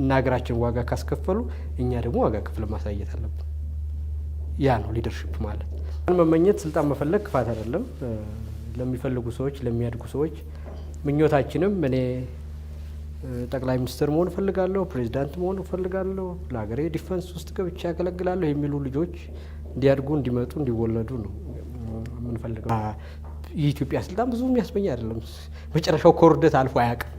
እና ሀገራችን ዋጋ ካስከፈሉ እኛ ደግሞ ዋጋ ክፍል ማሳየት አለብን። ያ ነው ሊደርሽፕ ማለት። መመኘት ስልጣን መፈለግ ክፋት አይደለም። ለሚፈልጉ ሰዎች፣ ለሚያድጉ ሰዎች ምኞታችንም እኔ ጠቅላይ ሚኒስትር መሆን እፈልጋለሁ፣ ፕሬዚዳንት መሆን እፈልጋለሁ፣ ለሀገሬ ዲፈንስ ውስጥ ገብቼ ያገለግላለሁ የሚሉ ልጆች እንዲያድጉ፣ እንዲመጡ፣ እንዲወለዱ ነው የምንፈልገው። የኢትዮጵያ ስልጣን ብዙ የሚያስመኝ አይደለም። መጨረሻው ከውርደት አልፎ አያውቅም።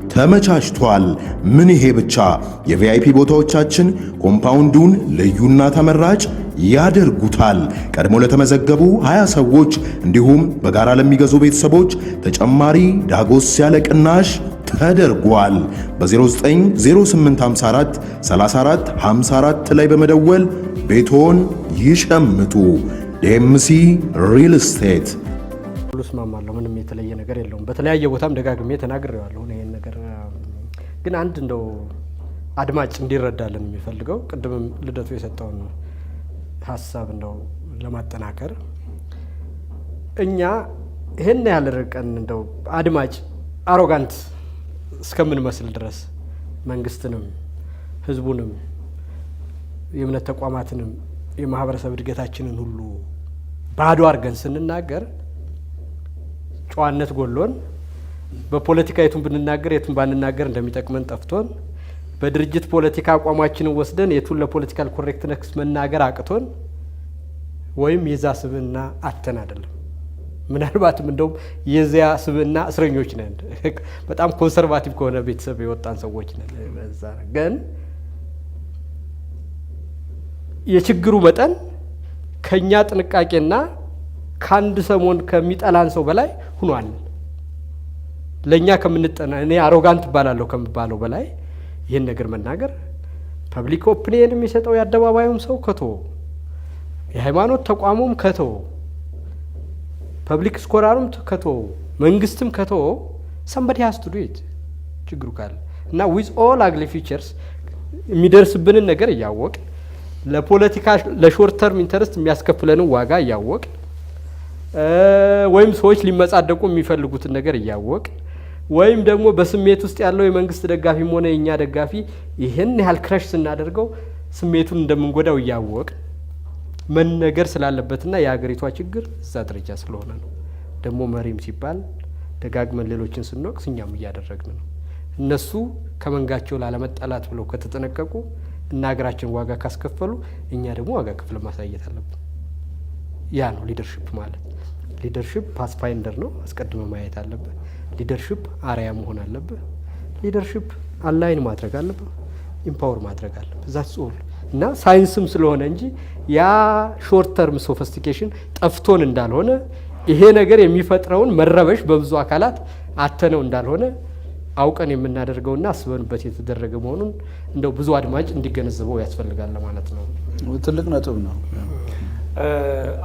ተመቻችቷል። ምን ይሄ ብቻ! የቪአይፒ ቦታዎቻችን ኮምፓውንዱን ልዩና ተመራጭ ያደርጉታል። ቀድሞ ለተመዘገቡ 20 ሰዎች እንዲሁም በጋራ ለሚገዙ ቤተሰቦች ተጨማሪ ዳጎስ ያለ ቅናሽ ተደርጓል። በ090854 34 54 ላይ በመደወል ቤቶን ይሸምቱ። ዴምሲ ሪል ስቴት ሁሉ እስማማለሁ። ምንም የተለየ ነገር የለውም። በተለያየ ቦታም ደጋግሜ ተናግሬዋለሁ። ግን አንድ እንደው አድማጭ እንዲረዳልን የሚፈልገው ቅድምም ልደቱ የሰጠውን ሀሳብ እንደው ለማጠናከር እኛ ይህን ያህል ርቀን እንደው አድማጭ አሮጋንት እስከምንመስል ድረስ መንግስትንም ህዝቡንም የእምነት ተቋማትንም የማህበረሰብ እድገታችንን ሁሉ ባዶ አድርገን ስንናገር ጨዋነት ጎሎን በፖለቲካ የቱን ብንናገር የቱን ባንናገር እንደሚጠቅመን ጠፍቶን በድርጅት ፖለቲካ አቋማችንን ወስደን የቱን ለፖለቲካል ኮሬክትነክስ መናገር አቅቶን ወይም የዛ ስብና አተን አይደለም። ምናልባትም እንደውም የዚያ ስብና እስረኞች ነን። በጣም ኮንሰርቫቲቭ ከሆነ ቤተሰብ የወጣን ሰዎች ነን። በዛ ግን የችግሩ መጠን ከእኛ ጥንቃቄና ከአንድ ሰሞን ከሚጠላን ሰው በላይ ሁኗል። ለእኛ ከምንጠና እኔ አሮጋንት እባላለሁ ከምባለው በላይ ይህን ነገር መናገር ፐብሊክ ኦፒኒየን የሚሰጠው የአደባባዩም ሰው ከቶ የሃይማኖት ተቋሙም ከቶ ፐብሊክ ስኮራሩም ከቶ መንግስትም ከቶ ሰንበዲ ሀስ ችግሩ ካለ እና ዊዝ ኦል አግሊ ፊቸርስ የሚደርስብንን ነገር እያወቅ ለፖለቲካ ለሾርት ተርም ኢንተረስት የሚያስከፍለንን ዋጋ እያወቅ ወይም ሰዎች ሊመጻደቁ የሚፈልጉትን ነገር እያወቅ። ወይም ደግሞ በስሜት ውስጥ ያለው የመንግስት ደጋፊም ሆነ የእኛ ደጋፊ ይህን ያህል ክረሽ ስናደርገው ስሜቱን እንደምንጎዳው እያወቅ መነገር ስላለበትና የሀገሪቷ ችግር እዛ ደረጃ ስለሆነ ነው። ደግሞ መሪም ሲባል ደጋግመን ሌሎችን ስንወቅስ እኛም እያደረግን ነው። እነሱ ከመንጋቸው ላለመጣላት ብለው ከተጠነቀቁ እና ሀገራችን ዋጋ ካስከፈሉ እኛ ደግሞ ዋጋ ክፍል ማሳየት አለብን። ያ ነው ሊደርሽፕ ማለት። ሊደርሽፕ ፓስፋይንደር ነው፣ አስቀድመ ማየት አለብን። ሊደርሽፕ አርያ መሆን አለብህ። ሊደርሽፕ አላይን ማድረግ አለብህ፣ ኢምፓወር ማድረግ አለብህ። ዛትስ ኦል እና ሳይንስም ስለሆነ እንጂ ያ ሾርት ተርም ሶፈስቲኬሽን ጠፍቶን እንዳልሆነ ይሄ ነገር የሚፈጥረውን መረበሽ በብዙ አካላት አተነው እንዳልሆነ አውቀን የምናደርገውና አስበንበት የተደረገ መሆኑን እንደው ብዙ አድማጭ እንዲገነዘበው ያስፈልጋል ማለት ነው። ትልቅ ነጥብ ነው።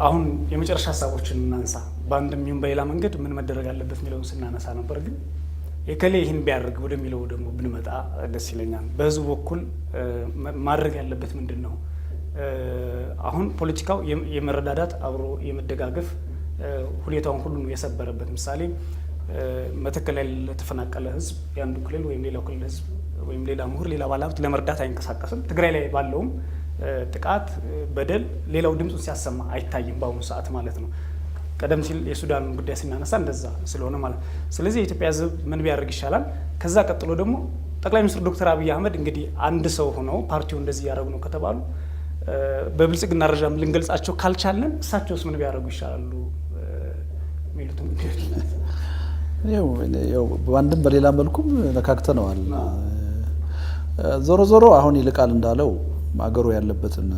አሁን የመጨረሻ ሀሳቦችን እናንሳ። በአንድም ይሁን በሌላ መንገድ ምን መደረግ አለበት የሚለውን ስናነሳ ነበር። ግን የከሌ ይህን ቢያደርግ ወደሚለው ደግሞ ብንመጣ ደስ ይለኛል። በህዝቡ በኩል ማድረግ ያለበት ምንድን ነው? አሁን ፖለቲካው የመረዳዳት አብሮ የመደጋገፍ ሁኔታውን ሁሉም የሰበረበት ምሳሌ መተከል ላይ ለተፈናቀለ ህዝብ የአንዱ ክልል ወይም ሌላው ክልል ህዝብ ወይም ሌላ ምሁር ሌላ ባለሀብት ለመርዳት አይንቀሳቀስም። ትግራይ ላይ ባለውም ጥቃት፣ በደል ሌላው ድምፁን ሲያሰማ አይታይም በአሁኑ ሰዓት ማለት ነው። ቀደም ሲል የሱዳን ጉዳይ ስናነሳ እንደዛ ስለሆነ ማለት ነው። ስለዚህ የኢትዮጵያ ሕዝብ ምን ቢያደርግ ይሻላል? ከዛ ቀጥሎ ደግሞ ጠቅላይ ሚኒስትር ዶክተር አብይ አህመድ እንግዲህ አንድ ሰው ሆነው ፓርቲው እንደዚህ እያደረጉ ነው ከተባሉ በብልጽግና ደረጃ ልንገልጻቸው ካልቻለን እሳቸውስ ምን ቢያደርጉ ይሻላሉ የሚሉትም በአንድም በሌላ መልኩም ነካክተነዋል። ዞሮ ዞሮ አሁን ይልቃል እንዳለው አገሩ ያለበትን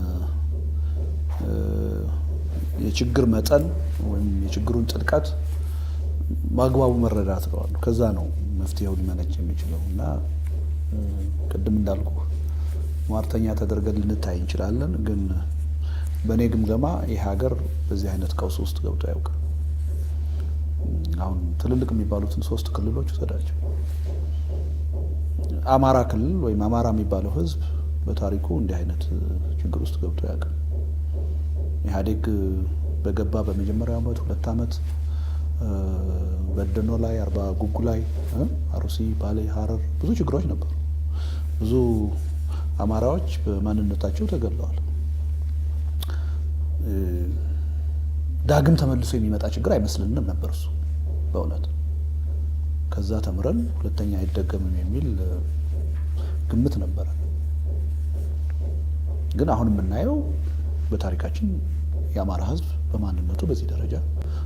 የችግር መጠን ወይም የችግሩን ጥልቀት በአግባቡ መረዳት ነው። ከዛ ነው መፍትሄው ሊመነጭ የሚችለው እና ቅድም እንዳልኩ ሟርተኛ ተደርገን ልንታይ እንችላለን። ግን በእኔ ግምገማ ይህ ሀገር በዚህ አይነት ቀውስ ውስጥ ገብቶ ያውቃል። አሁን ትልልቅ የሚባሉትን ሶስት ክልሎች ውሰዳቸው። አማራ ክልል ወይም አማራ የሚባለው ህዝብ በታሪኩ እንዲህ አይነት ችግር ውስጥ ገብቶ ያውቃል። ኢህአዴግ በገባ በመጀመሪያው ዓመት ሁለት ዓመት በደኖ ላይ አርባ ጉጉ ላይ አሩሲ፣ ባሌ፣ ሀረር ብዙ ችግሮች ነበሩ። ብዙ አማራዎች በማንነታቸው ተገለዋል። ዳግም ተመልሶ የሚመጣ ችግር አይመስልንም ነበር እሱ በእውነት ከዛ ተምረን ሁለተኛ አይደገምም የሚል ግምት ነበረ። ግን አሁን የምናየው በታሪካችን የአማራ ህዝብ በማንነቱ በዚህ ደረጃ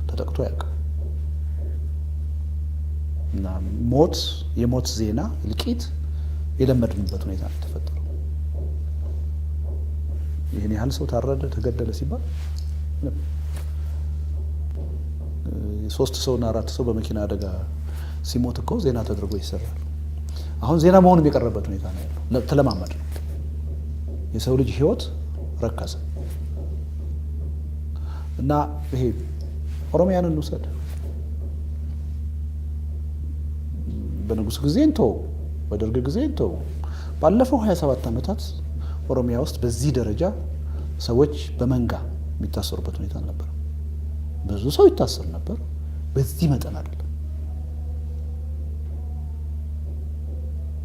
ተጠቅቶ አያውቅም። እና ሞት የሞት ዜና እልቂት የለመድንበት ሁኔታ ነው የተፈጠረው። ይህን ያህል ሰው ታረደ፣ ተገደለ ሲባል ሶስት ሰው እና አራት ሰው በመኪና አደጋ ሲሞት እኮ ዜና ተደርጎ ይሰራል። አሁን ዜና መሆኑ የቀረበት ሁኔታ ነው ያለው። ተለማመድ ነው የሰው ልጅ ህይወት ረከሰ። እና ይሄ ኦሮሚያን እንውሰድ። በንጉሥ ጊዜ እንተው፣ በደርግ ጊዜ እንተው፣ ባለፈው 27 ዓመታት ኦሮሚያ ውስጥ በዚህ ደረጃ ሰዎች በመንጋ የሚታሰሩበት ሁኔታ ነበር። ብዙ ሰው ይታሰር ነበር፣ በዚህ መጠን አይደለም።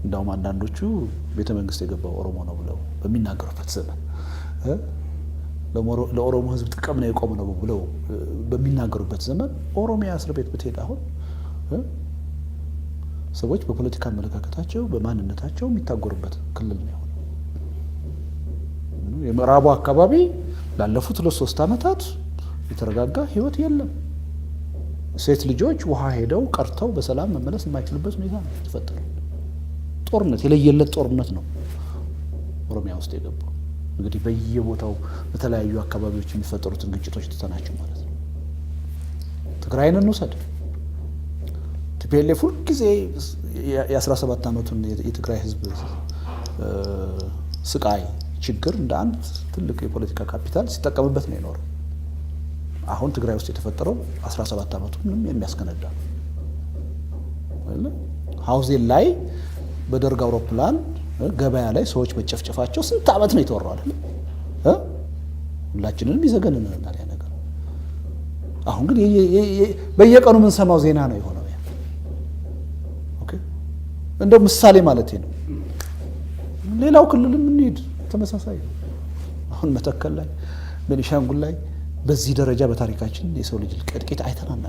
እንዳውም አንዳንዶቹ ቤተ መንግስት የገባው ኦሮሞ ነው ብለው በሚናገሩበት ዘመን ለኦሮሞ ህዝብ ጥቅም ነው የቆመ ነው ብለው በሚናገሩበት ዘመን ኦሮሚያ እስር ቤት ብትሄድ አሁን ሰዎች በፖለቲካ አመለካከታቸው በማንነታቸው የሚታጎሩበት ክልል ነው የሆነው። የምዕራቡ አካባቢ ላለፉት ሁለት ሶስት ዓመታት የተረጋጋ ህይወት የለም። ሴት ልጆች ውሃ ሄደው ቀርተው በሰላም መመለስ የማይችሉበት ሁኔታ ነው የተፈጠረው። ጦርነት የለየለት ጦርነት ነው ኦሮሚያ ውስጥ የገባው። እንግዲህ በየቦታው በተለያዩ አካባቢዎች የሚፈጠሩትን ግጭቶች ትተናቸው ማለት ነው። ትግራይን እንውሰድ። ቲፒኤልኤፍ ሁልጊዜ የ17 ዓመቱን የትግራይ ህዝብ ስቃይ፣ ችግር እንደ አንድ ትልቅ የፖለቲካ ካፒታል ሲጠቀምበት ነው የኖረው። አሁን ትግራይ ውስጥ የተፈጠረው 17 ዓመቱንም የሚያስከነዳ ሀውዜን ላይ በደርግ አውሮፕላን ገበያ ላይ ሰዎች መጨፍጨፋቸው ስንት ዓመት ነው የተወራው? ሁላችንንም ይዘገንንናል ያ ነገር። አሁን ግን በየቀኑ የምንሰማው ዜና ነው የሆነው። እንደው ምሳሌ ማለት ነው። ሌላው ክልል የምንሄድ ተመሳሳይ ነው። አሁን መተከል ላይ፣ ቤኒሻንጉል ላይ በዚህ ደረጃ በታሪካችን የሰው ልጅ ቅጥቂት አይተን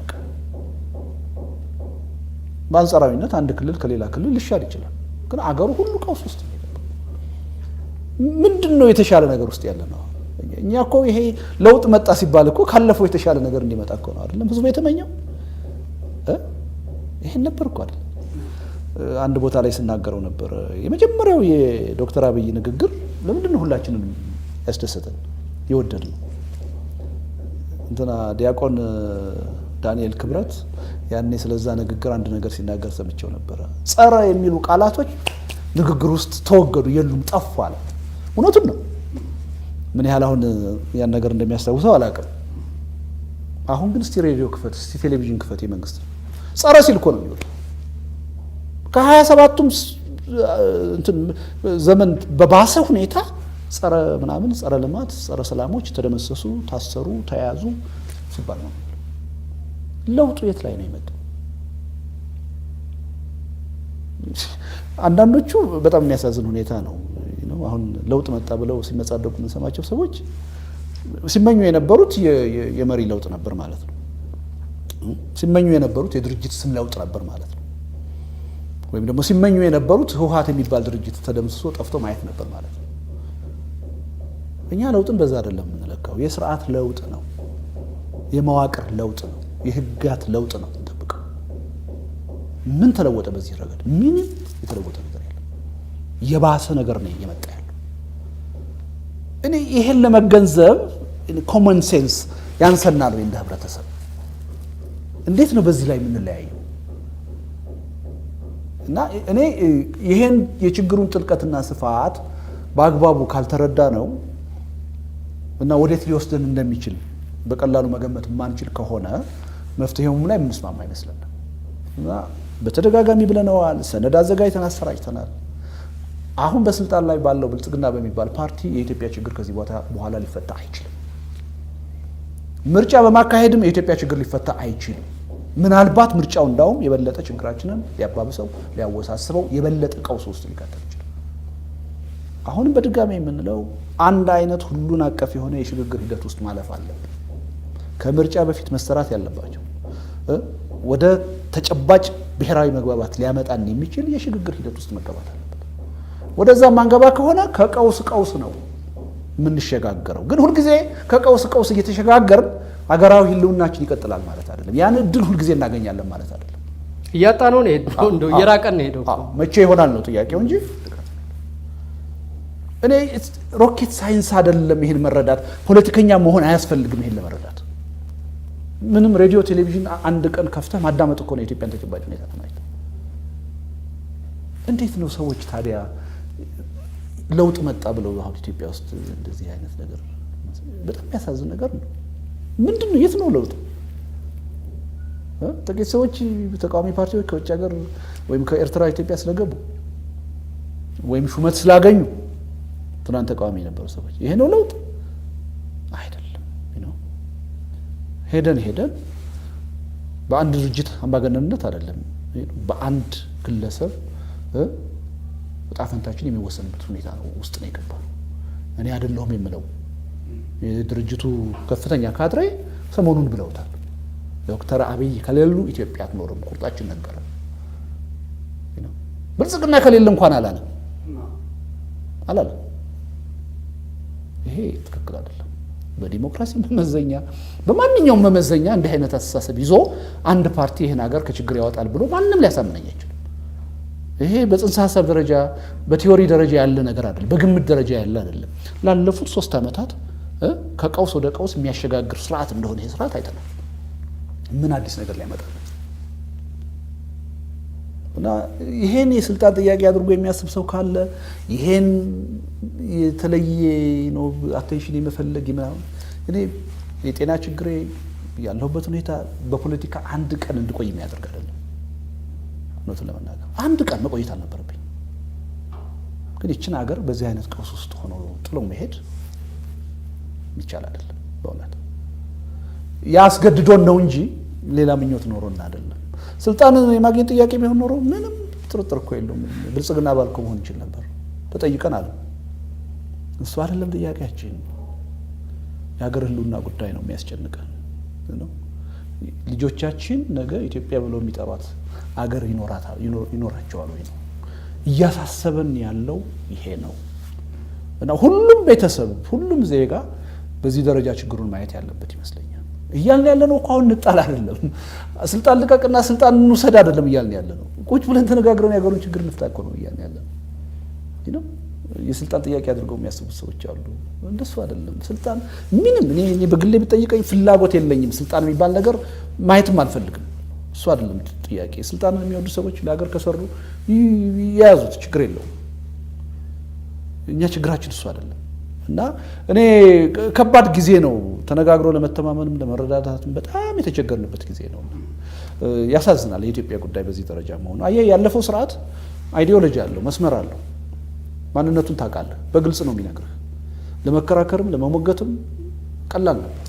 በአንጻራዊነት አንድ ክልል ከሌላ ክልል ሊሻል ይችላል። ግን አገሩ ሁሉ ቀውስ ውስጥ ነው ምንድን ነው የተሻለ ነገር ውስጥ ያለ ነው? እኛ እኮ ይሄ ለውጥ መጣ ሲባል እኮ ካለፈው የተሻለ ነገር እንዲመጣ እኮ ነው አይደለም ህዝቡ የተመኘው። ይሄን ነበር እኮ አይደለም። አንድ ቦታ ላይ ስናገረው ነበር የመጀመሪያው የዶክተር አብይ ንግግር ለምንድን ነው ሁላችንም ያስደሰተን ነው? እንትና ዲያቆን ዳንኤል ክብረት ያኔ ስለዛ ንግግር አንድ ነገር ሲናገር ሰምቸው ነበረ። ጸረ የሚሉ ቃላቶች ንግግር ውስጥ ተወገዱ፣ የሉም፣ ጠፉ አለ። እውነቱን ነው። ምን ያህል አሁን ያን ነገር እንደሚያስታውሰው አላውቅም። አሁን ግን እስቲ ሬዲዮ ክፈት፣ እስቲ ቴሌቪዥን ክፈት። የመንግስት ነው ጸረ ሲል እኮ ነው የሚወጣው። ከሀያ ሰባቱም ዘመን በባሰ ሁኔታ ጸረ ምናምን ጸረ ልማት ጸረ ሰላሞች ተደመሰሱ፣ ታሰሩ፣ ተያዙ ሲባል ነው። ለውጡ የት ላይ ነው የመጣው? አንዳንዶቹ በጣም የሚያሳዝን ሁኔታ ነው። አሁን ለውጥ መጣ ብለው ሲመጻደቁ የምንሰማቸው ሰዎች ሲመኙ የነበሩት የመሪ ለውጥ ነበር ማለት ነው። ሲመኙ የነበሩት የድርጅት ስም ለውጥ ነበር ማለት ነው። ወይም ደግሞ ሲመኙ የነበሩት ህውሀት የሚባል ድርጅት ተደምስሶ ጠፍቶ ማየት ነበር ማለት ነው። እኛ ለውጥን በዛ አይደለም የምንለካው። የስርዓት ለውጥ ነው። የመዋቅር ለውጥ ነው። የህጋት ለውጥ ነው የምንጠብቀው። ምን ተለወጠ? በዚህ ረገድ ምንም የተለወጠ ነገር ያለ የባሰ ነገር ነው እየመጣ ያለው። እኔ ይሄን ለመገንዘብ ኮመን ሴንስ ያንሰናል ወይ እንደ ህብረተሰብ? እንዴት ነው በዚህ ላይ የምንለያየው? እና እኔ ይሄን የችግሩን ጥልቀትና ስፋት በአግባቡ ካልተረዳ ነው እና ወዴት ሊወስደን እንደሚችል በቀላሉ መገመት የማንችል ከሆነ መፍትሄውም ላይ የምንስማማ አይመስለንም እና በተደጋጋሚ ብለነዋል። ሰነድ አዘጋጅተን አሰራጭተናል። አሁን በስልጣን ላይ ባለው ብልጽግና በሚባል ፓርቲ የኢትዮጵያ ችግር ከዚህ በኋላ ሊፈታ አይችልም። ምርጫ በማካሄድም የኢትዮጵያ ችግር ሊፈታ አይችልም። ምናልባት ምርጫው እንዳውም የበለጠ ችግራችንን ሊያባብሰው፣ ሊያወሳስበው የበለጠ ቀውስ ውስጥ ሊከተል ይችላል። አሁንም በድጋሚ የምንለው አንድ አይነት ሁሉን አቀፍ የሆነ የሽግግር ሂደት ውስጥ ማለፍ አለብን። ከምርጫ በፊት መሰራት ያለባቸው ወደ ተጨባጭ ብሔራዊ መግባባት ሊያመጣን የሚችል የሽግግር ሂደት ውስጥ መገባት አለበት። ወደዛ ማንገባ ከሆነ ከቀውስ ቀውስ ነው የምንሸጋገረው። ግን ሁልጊዜ ከቀውስ ቀውስ እየተሸጋገርን አገራዊ ህልውናችን ይቀጥላል ማለት አይደለም። ያን እድል ሁልጊዜ እናገኛለን ማለት አይደለም። እያጣ ነው ነው እየራቀን ነው ሄደው መቼ ይሆናል ነው ጥያቄው እንጂ እኔ ሮኬት ሳይንስ አይደለም። ይሄን መረዳት ፖለቲከኛ መሆን አያስፈልግም። ይሄን ለመረዳት ምንም ሬዲዮ ቴሌቪዥን አንድ ቀን ከፍተህ ማዳመጥ እኮ ነው የኢትዮጵያን ተጨባጭ ሁኔታ ተማይተው። እንዴት ነው ሰዎች ታዲያ ለውጥ መጣ ብለው አሁን ኢትዮጵያ ውስጥ እንደዚህ አይነት ነገር በጣም የሚያሳዝን ነገር ነው። ምንድን ነው የት ነው ለውጥ? ጥቂት ሰዎች ተቃዋሚ ፓርቲዎች ከውጭ ሀገር ወይም ከኤርትራ ኢትዮጵያ ስለገቡ ወይም ሹመት ስላገኙ ትናንት ተቃዋሚ የነበሩ ሰዎች ይሄ ነው ለውጥ? ሄደን ሄደን በአንድ ድርጅት አምባገነንነት አይደለም፣ በአንድ ግለሰብ ጣፈንታችን ፈንታችን የሚወሰንበት ሁኔታ ነው ውስጥ ነው የገባ። እኔ አይደለሁም የምለው የድርጅቱ ከፍተኛ ካድሬ ሰሞኑን ብለውታል። ዶክተር አብይ ከሌሉ ኢትዮጵያ አትኖርም፣ ቁርጣችን ነገረ። ብልጽግና ከሌለ እንኳን አላለም አላለም። ይሄ ትክክል አይደለም። በዲሞክራሲ መመዘኛ በማንኛውም መመዘኛ እንዲህ አይነት አስተሳሰብ ይዞ አንድ ፓርቲ ይህን ሀገር ከችግር ያወጣል ብሎ ማንም ሊያሳምነኝ አይችልም። ይሄ በጽንሰ ሀሳብ ደረጃ በቲዮሪ ደረጃ ያለ ነገር አይደለም፣ በግምት ደረጃ ያለ አይደለም። ላለፉት ሶስት ዓመታት ከቀውስ ወደ ቀውስ የሚያሸጋግር ስርዓት እንደሆነ ይህ ስርዓት አይተናል። ምን አዲስ ነገር ሊያመጣ እና ይሄን የስልጣን ጥያቄ አድርጎ የሚያስብ ሰው ካለ ይሄን የተለየ ነው አቴንሽን የመፈለግ ምናምን እኔ የጤና ችግሬ ያለሁበት ሁኔታ በፖለቲካ አንድ ቀን እንድቆይ የሚያደርግ አይደለም። እውነቱን ለመናገር አንድ ቀን መቆየት አልነበረብኝ፣ ግን ይችን ሀገር በዚህ አይነት ቀውስ ውስጥ ሆኖ ጥሎ መሄድ ይቻል አይደለም። በእውነት ያስገድዶን ነው እንጂ ሌላ ምኞት ኖሮን አይደለም። ስልጣን የማግኘት ጥያቄ ቢሆን ኖሮ ምንም ጥርጥር እኮ የለውም ብልጽግና ባልኮ መሆን ይችል ነበር። ተጠይቀን አለ እሱ አይደለም ጥያቄያችን፣ የሀገር ህልውና ጉዳይ ነው የሚያስጨንቀን። ልጆቻችን ነገ ኢትዮጵያ ብለው የሚጠሯት አገር ይኖራቸዋል ወይ ነው እያሳሰበን ያለው ይሄ ነው። እና ሁሉም ቤተሰብ ሁሉም ዜጋ በዚህ ደረጃ ችግሩን ማየት ያለበት ይመስለኛል። እያልን ያለ ነው እኮ አሁን እንጣል አይደለም፣ ስልጣን ልቀቅና ስልጣን እንውሰድ አይደለም እያልን ያለ ነው። ቁጭ ብለን ተነጋግረን የሀገሩን ችግር እንፍታ እኮ ነው እያልን ያለ ነው። የስልጣን ጥያቄ አድርገው የሚያስቡት ሰዎች አሉ። እንደሱ አይደለም። ስልጣን ምንም እኔ በግሌ ብጠይቀኝ ፍላጎት የለኝም። ስልጣን የሚባል ነገር ማየትም አልፈልግም። እሱ አይደለም ጥያቄ። ስልጣንን የሚወዱ ሰዎች ለሀገር ከሰሩ የያዙት ችግር የለውም። እኛ ችግራችን እሱ አይደለም። እና እኔ ከባድ ጊዜ ነው። ተነጋግሮ ለመተማመንም ለመረዳዳትም በጣም የተቸገርንበት ጊዜ ነው። ያሳዝናል። የኢትዮጵያ ጉዳይ በዚህ ደረጃ መሆኑ። አየህ፣ ያለፈው ስርዓት አይዲዮሎጂ አለው፣ መስመር አለው፣ ማንነቱን ታውቃለህ፣ በግልጽ ነው የሚነግርህ። ለመከራከርም ለመሞገትም ቀላል ነበር።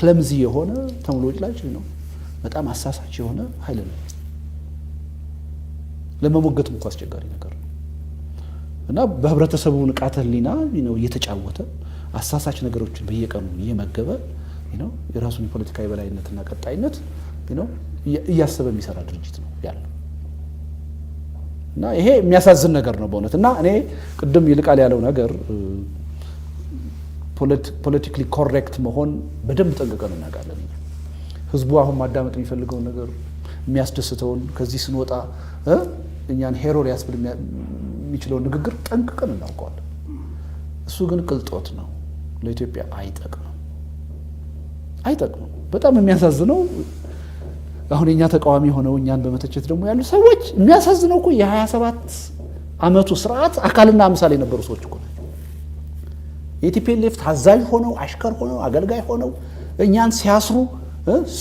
ክለምዚ የሆነ ተምሎ ነው። በጣም አሳሳች የሆነ ኃይል ነው። ለመሞገትም እንኳ አስቸጋሪ ነገር ነው እና በህብረተሰቡ ንቃተ ህሊና እየተጫወተ አሳሳች ነገሮችን በየቀኑ እየመገበ የራሱን የፖለቲካ የበላይነትና ቀጣይነት እያሰበ የሚሰራ ድርጅት ነው ያለው እና ይሄ የሚያሳዝን ነገር ነው በእውነት እና እኔ ቅድም ይልቃል ያለው ነገር ፖለቲካሊ ኮሬክት መሆን በደንብ ጠንቅቀን እናውቃለን። ህዝቡ አሁን ማዳመጥ የሚፈልገውን ነገር የሚያስደስተውን ከዚህ ስንወጣ እኛን ሄሮ ሊያስብል የሚችለውን ንግግር ጠንቅቀን እናውቀዋለን። እሱ ግን ቅልጦት ነው፣ ለኢትዮጵያ አይጠቅምም፣ አይጠቅምም። በጣም የሚያሳዝነው አሁን የእኛ ተቃዋሚ ሆነው እኛን በመተቸት ደግሞ ያሉ ሰዎች የሚያሳዝነው እኮ የ27 ዓመቱ ስርዓት አካልና ምሳሌ የነበሩ ሰዎች እኮ ናቸው። የቲፒኤልኤፍ ታዛዥ ሆነው አሽከር ሆነው አገልጋይ ሆነው እኛን ሲያስሩ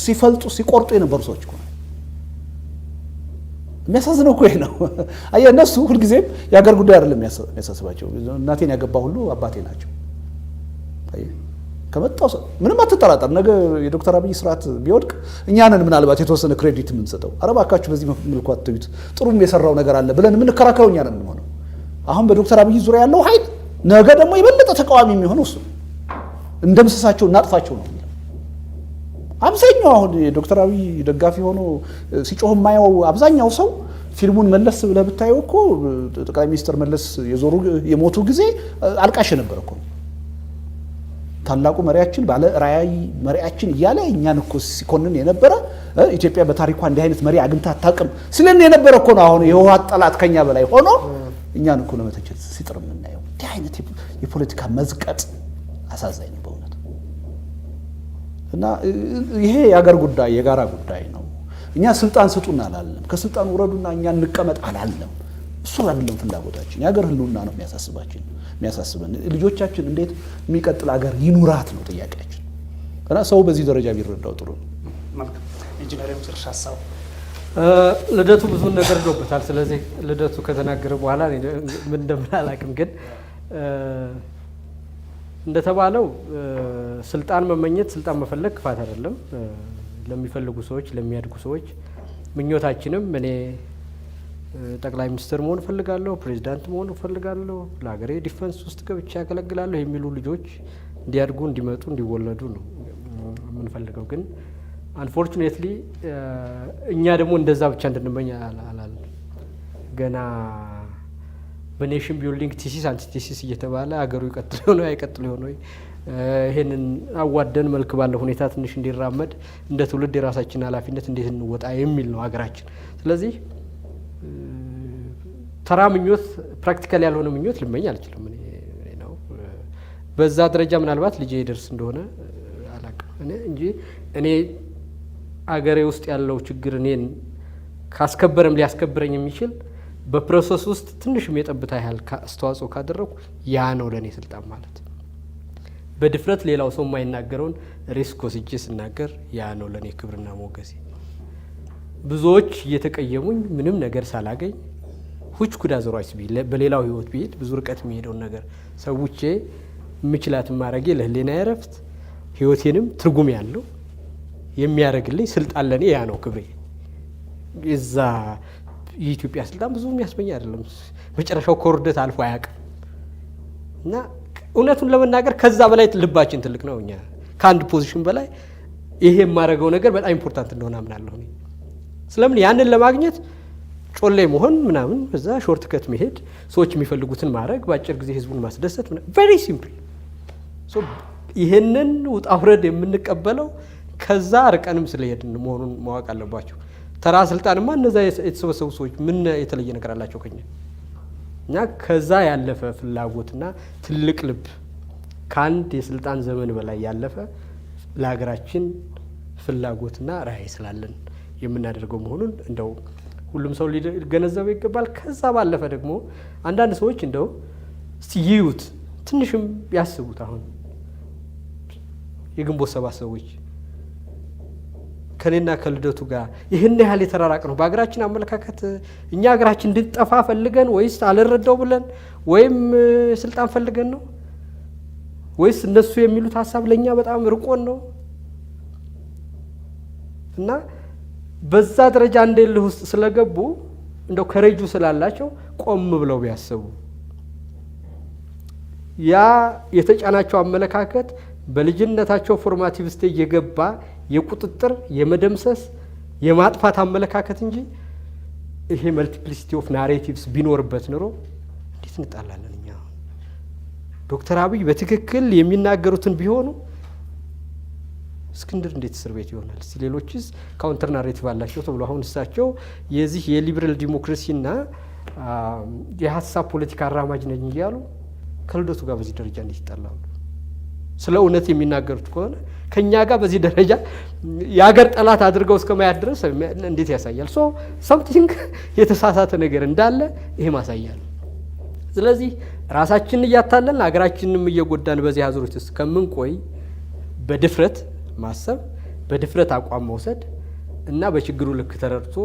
ሲፈልጡ ሲቆርጡ የነበሩ ሰዎች የሚያሳዝነው እኮ ነው። አየህ እነሱ ሁልጊዜም የአገር ጉዳይ አይደለም የሚያሳስባቸው። እናቴን ያገባ ሁሉ አባቴ ናቸው። ከመጣው ሰው ምንም አትጠራጠር። ነገ የዶክተር አብይ ስርዓት ቢወድቅ እኛንን ምናልባት የተወሰነ ክሬዲት የምንሰጠው አረባካችሁ በዚህ መልኩ አትዩት፣ ጥሩም የሰራው ነገር አለ ብለን የምንከራከረው እኛንን ሆነው አሁን በዶክተር አብይ ዙሪያ ያለው ሀይል ነገ ደግሞ የበለጠ ተቃዋሚ የሚሆነው እሱ እንደምሰሳቸው እናጥፋቸው ነው። አብዛኛው አሁን የዶክተር አብይ ደጋፊ ሆኖ ሲጮህ የማየው አብዛኛው ሰው ፊልሙን መለስ ብለህ ብታየው እኮ ጠቅላይ ሚኒስትር መለስ የዞሩ የሞቱ ጊዜ አልቃሽ የነበረ እኮ ታላቁ መሪያችን ባለ ራዕይ መሪያችን እያለ እኛን እኮ ሲኮንን የነበረ ኢትዮጵያ በታሪኳ እንዲህ አይነት መሪ አግኝታ አታውቅም ስለን የነበረ እኮ ነው። አሁን የህወሓት ጠላት ከኛ በላይ ሆኖ እኛን እኮ ለመተቸት ሲጥር የምናየው እንዲህ አይነት የፖለቲካ መዝቀጥ አሳዛኝ ነው በእውነት እና ይሄ የአገር ጉዳይ የጋራ ጉዳይ ነው። እኛ ስልጣን ስጡን አላለም። ከስልጣን ውረዱና እኛ እንቀመጥ አላለም። እሱ አይደለም ፍላጎታችን። የአገር ህልውና ነው የሚያሳስባችን የሚያሳስበን። ልጆቻችን እንዴት የሚቀጥል አገር ይኑራት ነው ጥያቄያችን እና ሰው በዚህ ደረጃ ቢረዳው ጥሩ ነው። ኢንጂነር የመጨረሻ ሀሳብ ልደቱ ብዙ ነገር ዶበታል። ስለዚህ ልደቱ ከተናገረ በኋላ ምን እንደምን አላውቅም ግን እንደተባለው ስልጣን መመኘት ስልጣን መፈለግ ክፋት አይደለም። ለሚፈልጉ ሰዎች፣ ለሚያድጉ ሰዎች ምኞታችንም እኔ ጠቅላይ ሚኒስትር መሆን እፈልጋለሁ፣ ፕሬዚዳንት መሆን እፈልጋለሁ፣ ለሀገሬ ዲፈንስ ውስጥ ገብቼ ያገለግላለሁ የሚሉ ልጆች እንዲያድጉ፣ እንዲመጡ፣ እንዲወለዱ ነው የምንፈልገው። ግን አንፎርቹኔትሊ እኛ ደግሞ እንደዛ ብቻ እንድንመኝ አላል ገና በኔሽን ቢልዲንግ ቲሲስ አንቲቲሲስ እየተባለ አገሩ ይቀጥል ሆኖ አይቀጥል ሆኖ ይሄንን አዋደን መልክ ባለው ሁኔታ ትንሽ እንዲራመድ እንደ ትውልድ የራሳችን ኃላፊነት እንዴት እንወጣ የሚል ነው ሀገራችን። ስለዚህ ተራ ምኞት፣ ፕራክቲካል ያልሆነ ምኞት ልመኝ አልችልም። በዛ ደረጃ ምናልባት ልጄ ይደርስ እንደሆነ አላውቅም እንጂ እኔ አገሬ ውስጥ ያለው ችግር እኔን ካስከበረም ሊያስከብረኝ የሚችል በፕሮሰስ ውስጥ ትንሽም የጠብታ ያህል አስተዋጽኦ ካደረጉ ያ ነው ለእኔ ስልጣን ማለት። በድፍረት ሌላው ሰው የማይናገረውን ሪስክ ወስጄ ስናገር ያ ነው ለእኔ ክብርና ሞገሴ። ብዙዎች እየተቀየሙኝ ምንም ነገር ሳላገኝ ሁች ኩዳ ዘሯች በሌላው ህይወት ብሄድ ብዙ ርቀት የሚሄደውን ነገር ሰውቼ ምችላት ማድረጌ ለህሌና ያረፍት ህይወቴንም ትርጉም ያለው የሚያደርግልኝ ስልጣን ለእኔ ያ ነው ክብሬ። እዛ የኢትዮጵያ ስልጣን ብዙ የሚያስመኝ አይደለም። መጨረሻው ከውርደት አልፎ አያውቅም እና እውነቱን ለመናገር ከዛ በላይ ልባችን ትልቅ ነው። እኛ ከአንድ ፖዚሽን በላይ ይሄ የማደርገው ነገር በጣም ኢምፖርታንት እንደሆነ አምናለሁ። ስለምን ያንን ለማግኘት ጮሌ መሆን ምናምን በዛ ሾርት ከት መሄድ፣ ሰዎች የሚፈልጉትን ማድረግ፣ በአጭር ጊዜ ህዝቡን ማስደሰት ቬሪ ሲምፕል። ይህንን ውጣ ውረድ የምንቀበለው ከዛ ርቀንም ስለሄድን መሆኑን ማወቅ አለባቸው። ተራ ስልጣንማ እነዛ የተሰበሰቡ ሰዎች ምን የተለየ ነገር አላቸው ከኛ? እኛ ከዛ ያለፈ ፍላጎትና ትልቅ ልብ ከአንድ የስልጣን ዘመን በላይ ያለፈ ለሀገራችን ፍላጎትና ራዕይ ስላለን የምናደርገው መሆኑን እንደው ሁሉም ሰው ሊገነዘበው ይገባል። ከዛ ባለፈ ደግሞ አንዳንድ ሰዎች እንደው ይዩት ትንሽም ያስቡት። አሁን የግንቦት ሰባት ሰዎች ከኔና ከልደቱ ጋር ይህን ያህል የተራራቅ ነው። በሀገራችን አመለካከት እኛ ሀገራችን እንድንጠፋ ፈልገን ወይስ አልረዳው ብለን ወይም ስልጣን ፈልገን ነው ወይስ እነሱ የሚሉት ሀሳብ ለእኛ በጣም ርቆን ነው እና በዛ ደረጃ እንደልህ ውስጥ ስለገቡ እንደው ከረጁ ስላላቸው ቆም ብለው ቢያስቡ ያ የተጫናቸው አመለካከት በልጅነታቸው ፎርማቲቭ ስቴጅ የገባ የቁጥጥር የመደምሰስ የማጥፋት አመለካከት እንጂ ይሄ መልቲፕሊሲቲ ኦፍ ናሬቲቭስ ቢኖርበት ኑሮ እንዴት እንጣላለን እኛ። ዶክተር አብይ በትክክል የሚናገሩትን ቢሆኑ እስክንድር እንዴት እስር ቤት ይሆናል? እስቲ ሌሎችስ ካውንተር ናሬቲቭ አላቸው ተብሎ አሁን እሳቸው የዚህ የሊበራል ዲሞክራሲና የሀሳብ ፖለቲካ አራማጅ ነኝ እያሉ ከልደቱ ጋር በዚህ ደረጃ እንዴት ይጣላሉ? ስለ እውነት የሚናገሩት ከሆነ ከእኛ ጋር በዚህ ደረጃ የአገር ጠላት አድርገው እስከ ማያት ድረስ እንዴት ያሳያል? ሶ ሰምቲንግ የተሳሳተ ነገር እንዳለ ይሄ ማሳያ ነው። ስለዚህ ራሳችንን እያታለን አገራችንንም እየጎዳን በዚህ አዙሪት ውስጥ ከምንቆይ በድፍረት ማሰብ፣ በድፍረት አቋም መውሰድ እና በችግሩ ልክ ተረድቶ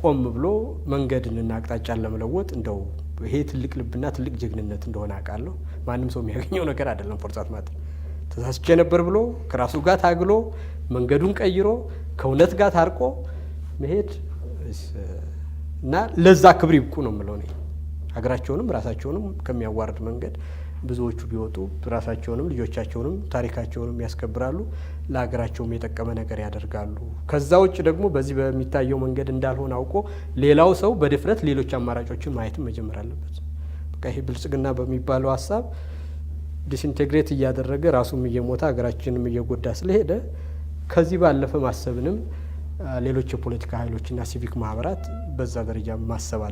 ቆም ብሎ መንገድንና አቅጣጫን ለመለወጥ እንደው ይሄ ትልቅ ልብና ትልቅ ጀግንነት እንደሆነ አውቃለሁ። ማንም ሰው የሚያገኘው ነገር አይደለም። ፎርጻት ማተር ተሳስቼ ነበር ብሎ ከራሱ ጋር ታግሎ መንገዱን ቀይሮ ከእውነት ጋር ታርቆ መሄድ እና ለዛ ክብር ይብቁ ነው የምለው እኔ ሀገራቸውንም ራሳቸውንም ከሚያዋርድ መንገድ ብዙዎቹ ቢወጡ ራሳቸውንም ልጆቻቸውንም ታሪካቸውንም ያስከብራሉ፣ ለሀገራቸውም የጠቀመ ነገር ያደርጋሉ። ከዛ ውጭ ደግሞ በዚህ በሚታየው መንገድ እንዳልሆነ አውቆ ሌላው ሰው በድፍረት ሌሎች አማራጮችን ማየትም መጀመር አለበት። በቃ ይሄ ብልጽግና በሚባለው ሀሳብ ዲስኢንቴግሬት እያደረገ ራሱም እየሞተ ሀገራችንም እየጎዳ ስለሄደ ከዚህ ባለፈ ማሰብንም ሌሎች የፖለቲካ ኃይሎችና ሲቪክ ማህበራት በዛ ደረጃ ማሰብ አለ።